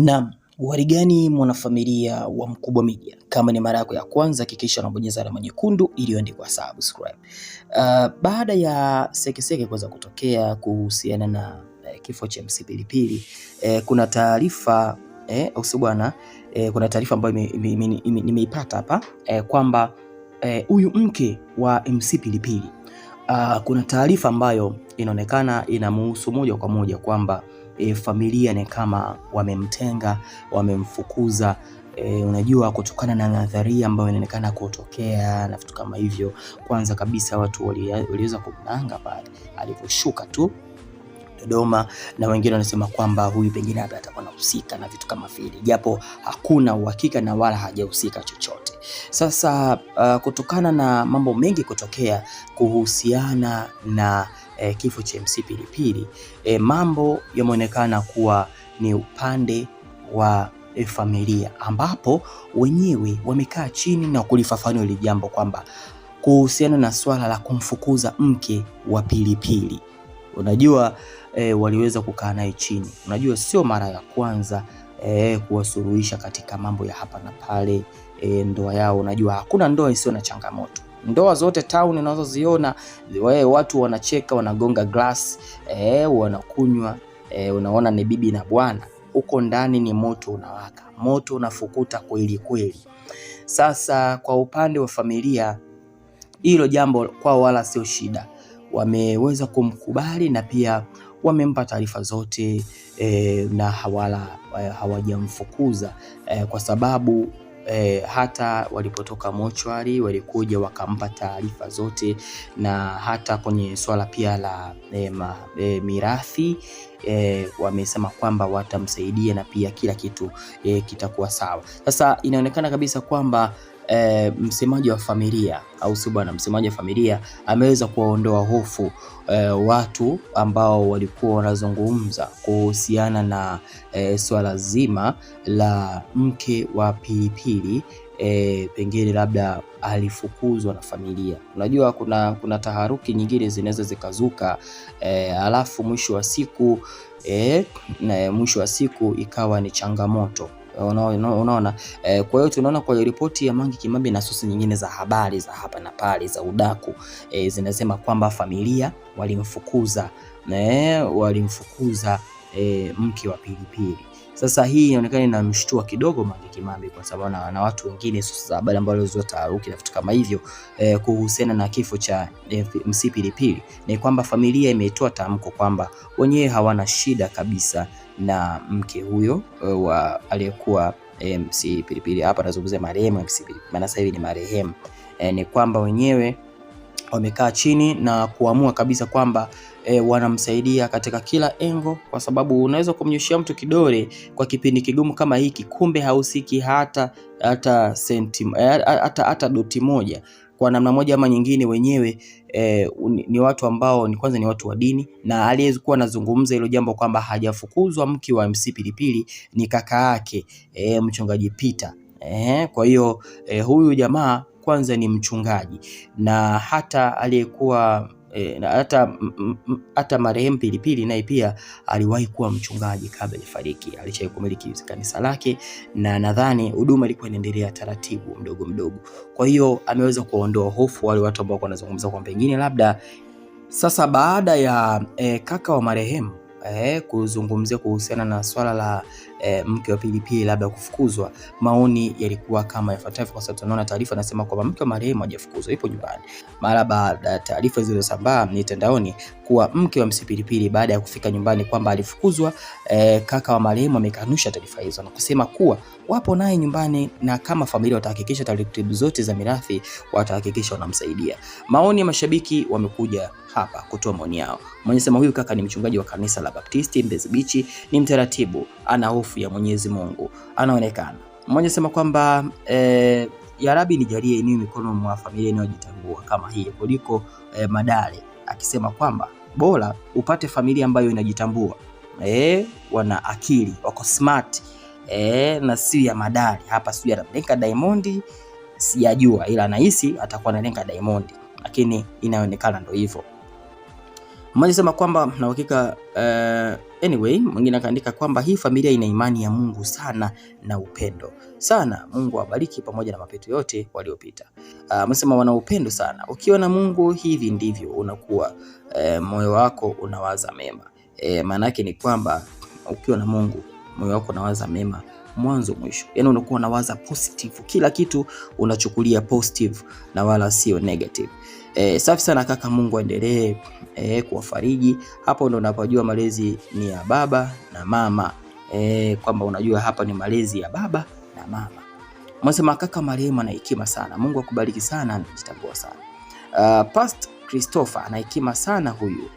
Naam, warigani gani mwanafamilia wa Mkubwa Media? Kama ni mara yako ya kwanza hakikisha unabonyeza alama nyekundu iliyoandikwa subscribe. Uh, baada ya sekeseke kuweza kutokea kuhusiana na eh, kifo cha MC Pilipili eh, kuna taarifa eh, usi bwana eh, kuna taarifa ambayo nimeipata hapa eh, kwamba eh, huyu eh, mke wa MC Pilipili uh, kuna taarifa ambayo inaonekana inamuhusu moja kwa moja kwamba e, familia ni kama wamemtenga, wamemfukuza. E, unajua kutokana na nadharia ambayo inaonekana kutokea na vitu kama hivyo. Kwanza kabisa watu waliweza kumnanga pale alivyoshuka tu Dodoma na wengine wanasema kwamba huyu pengine hata atakuwa anahusika na vitu kama vile, japo hakuna uhakika na wala hajahusika chochote. Sasa uh, kutokana na mambo mengi kutokea kuhusiana na eh, kifo cha MC Pilipili eh, mambo yameonekana kuwa ni upande wa eh, familia ambapo wenyewe wamekaa chini na kulifafanua hili jambo kwamba kuhusiana na swala la kumfukuza mke wa Pilipili. Unajua eh, waliweza kukaa naye chini. Unajua sio mara ya kwanza eh, kuwasuluhisha katika mambo ya hapa na pale e, ndoa yao. Unajua hakuna ndoa isiyo na changamoto ndoa zote town unazoziona wewe, watu wanacheka, wanagonga glass eh, wanakunywa eh, unaona ni bibi na bwana. Huko ndani ni moto unawaka, moto unafukuta kweli kweli. Sasa kwa upande wa familia, hilo jambo kwao wala sio shida, wameweza kumkubali na pia wamempa taarifa zote eh, na hawala eh, hawajamfukuza eh, kwa sababu E, hata walipotoka mochwari walikuja wakampa taarifa zote, na hata kwenye swala pia la e, ma, e, mirathi e, wamesema kwamba watamsaidia na pia kila kitu e, kitakuwa sawa. Sasa inaonekana kabisa kwamba e, msemaji wa familia au si bwana, msemaji wa familia ameweza kuwaondoa hofu e, watu ambao walikuwa wanazungumza kuhusiana na e, swala zima la mke wa Pilipili. E, pengine labda alifukuzwa na familia. Unajua kuna, kuna taharuki nyingine zinaweza zikazuka e, alafu mwisho wa siku e, na mwisho wa siku ikawa ni changamoto unaona eh. Kwa hiyo tunaona kwa ripoti ya mangi Kimambi na sosi nyingine za habari za hapa na pale za udaku eh, zinasema kwamba familia walimfukuza eh, walimfukuza eh, mke wa Pilipili sasa hii inaonekana inamshtua kidogo Mange Kimambi kwa sababu na, na watu wengine sasa habari ambazo zilizua taharuki na vitu kama hivyo eh, kuhusiana na kifo cha eh, MC Pilipili ni kwamba familia imetoa tamko kwamba wenyewe hawana shida kabisa na mke huyo eh, wa aliyekuwa eh, MC Pilipili. Hapa nazungumzia marehemu MC Pilipili, maana sasa hivi ni marehemu eh, ni kwamba wenyewe wamekaa chini na kuamua kabisa kwamba e, wanamsaidia katika kila engo, kwa sababu unaweza kumnyoshia mtu kidole kwa kipindi kigumu kama hiki, kumbe hahusiki hata hata senti eh, hata hata doti moja. Kwa namna moja ama nyingine wenyewe e, ni watu ambao ni kwanza ni watu wa dini, na aliyekuwa anazungumza hilo jambo kwamba hajafukuzwa mke wa MC Pilipili ni kaka yake e, mchungaji Peter. Ehe, kwa hiyo e, huyu jamaa kwanza ni mchungaji na hata aliyekuwa eh, na hata hata marehemu Pilipili naye pia aliwahi kuwa mchungaji kabla alifariki. Alishawahi kumiliki kanisa lake, na nadhani huduma ilikuwa inaendelea taratibu mdogo mdogo. Kwa hiyo ameweza kuwaondoa hofu wale watu ambao wanazungumza kwa pengine labda sasa baada ya e, kaka wa marehemu e, kuzungumzia kuhusiana na swala la e, mke wa pili pilipili labda kufukuzwa. Maoni yalikuwa kama yafuatavyo, kwa sababu tunaona taarifa nasema kwamba mke wa marehemu hajafukuzwa, ipo nyumbani. Mara baada ya taarifa zilizosambaa mitandaoni kuwa mke wa Msipilipili baada ya kufika nyumbani kwamba alifukuzwa, e, kaka wa marehemu amekanusha taarifa hizo na kusema kuwa wapo naye nyumbani na kama familia watahakikisha taratibu zote za mirathi watahakikisha wanamsaidia. Maoni ya mashabiki wamekuja hapa kutoa maoni yao. Mwenye sema huyu kaka ni mchungaji wa kanisa la Baptisti Mbezi Beach, ni mtaratibu, ana hofu matakatifu ya Mwenyezi Mungu anaonekana. Mmoja sema kwamba e, ya Rabbi nijalie niwe mikono mwa familia inayojitambua kama hii kuliko e, madale, akisema kwamba bora upate familia ambayo inajitambua e, wana akili wako smart e, na si ya Madale hapa, si ya Lenka Diamond, sijajua ila anahisi atakuwa analenga Diamond, lakini inaonekana ndio hivyo. Mmoja sema kwamba na uhakika uh, anyway, mwingine akaandika kwamba hii familia ina imani ya Mungu sana na upendo sana. Mungu awabariki pamoja na mapeto yote waliopita. Uh, ah, amesema wana upendo sana. Ukiwa na Mungu hivi ndivyo unakuwa, uh, moyo wako unawaza mema. Uh, maana yake ni kwamba ukiwa na Mungu moyo wako unawaza mema mwanzo mwisho, yani unakuwa unawaza positive, kila kitu unachukulia positive na wala sio negative. E, safi sana kaka, Mungu aendelee e, kuwafariji. Hapo ndo unapojua malezi ni ya baba na mama e, kwamba unajua hapa ni malezi ya baba na mama. Mwasema kaka marehemu ana hekima sana, Mungu akubariki sana, anajitambua sana. Uh, Past Christopher ana hekima sana huyu.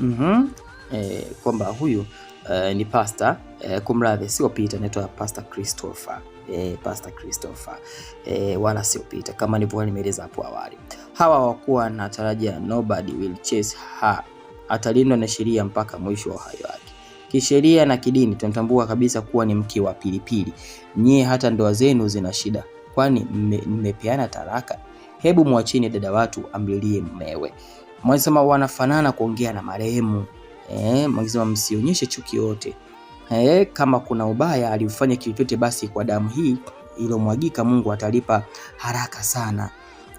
Mhm. Mm, eh, kwamba huyu Eh, ni pasta eh, kumradhi, sio Peter, naitwa Pastor Christopher. eh, Pastor Christopher eh, wala sio Peter kama nilivyokuwa nimeeleza hapo awali. Hawa hawakuwa na tarajia, nobody will chase her, atalindwa na sheria mpaka mwisho wa uhai wake. Kisheria na kidini tunatambua kabisa kuwa ni mke wa Pilipili. Nyie hata ndoa zenu zina shida, kwani mmepeana taraka Hebu mwachini dada watu amlilie mmewe. Mwasema wanafanana kuongea na marehemu eh, mwagiza msionyeshe chuki yote eh, kama kuna ubaya aliufanya kivyovyote, basi kwa damu hii ilomwagika Mungu atalipa haraka sana.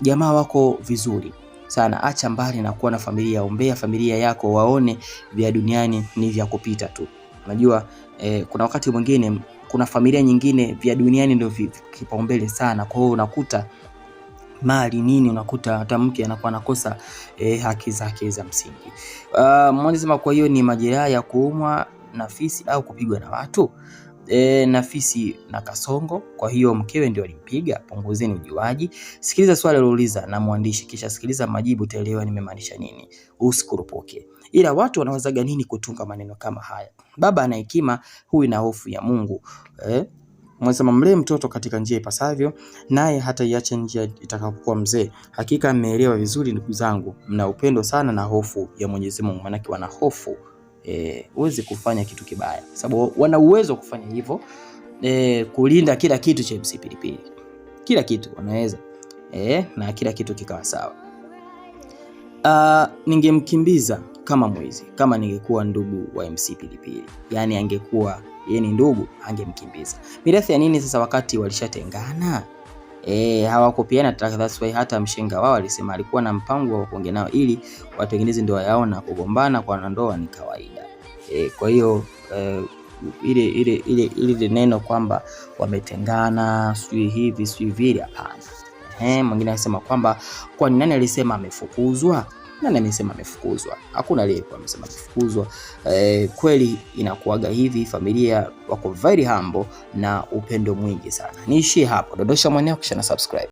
Jamaa wako vizuri sana, acha mbali na kuwa na familia. Ombea familia yako waone vya duniani ni vya kupita tu. Unajua eh, kuna wakati mwingine kuna familia nyingine vya duniani ndio kipaumbele sana, kwa hiyo unakuta mali nini, unakuta hata mke anakuwa anakosa e, haki zake za msingi. Uh, ah, mmoja sema kwa hiyo ni majeraha ya kuumwa na fisi au kupigwa na watu E, nafisi na kasongo, kwa hiyo mkewe ndio alimpiga. Punguzeni ujuaji, sikiliza swali lilouliza na mwandishi, kisha sikiliza majibu, utaelewa nimemaanisha nini. Usikurupuke. Ila watu wanawazaga nini kutunga maneno kama haya? Baba ana hekima, huyu na hofu ya Mungu e? Mwasema mlee mtoto katika njia ipasavyo, naye hata iache njia itakapokuwa mzee. Hakika mmeelewa vizuri ndugu zangu, mna upendo sana na hofu ya Mwenyezi Mungu, maanake wana hofu eh, huwezi e, kufanya kitu kibaya, sababu wana uwezo wa kufanya hivyo e, kulinda kila kitu cha MC Pilipili, kila kitu wanaweza e, na kila kitu kikawa sawa. Uh, ningemkimbiza kama mwizi kama ningekuwa ndugu wa MC Pilipili, yani angekuwa yeye ni ndugu, angemkimbiza. Mirathi ya nini sasa wakati walishatengana? E, hawakupiana that's why hata mshenga wao alisema alikuwa na mpango wa kuongea nao ili watengeneze ndoa yao na kugombana kwa wanandoa ni kawaida. E, kwa hiyo e, ile ile ile ile neno kwamba wametengana sijui hivi sijui vile, hapana. Ehe, mwingine alisema kwamba kwa nani alisema amefukuzwa? Nani amesema amefukuzwa? Hakuna aliyekuwa amesema amefukuzwa. E, eh, kweli inakuaga hivi, familia wako very humble na upendo mwingi sana. Niishie hapo, dondosha mwaneo kisha na subscribe.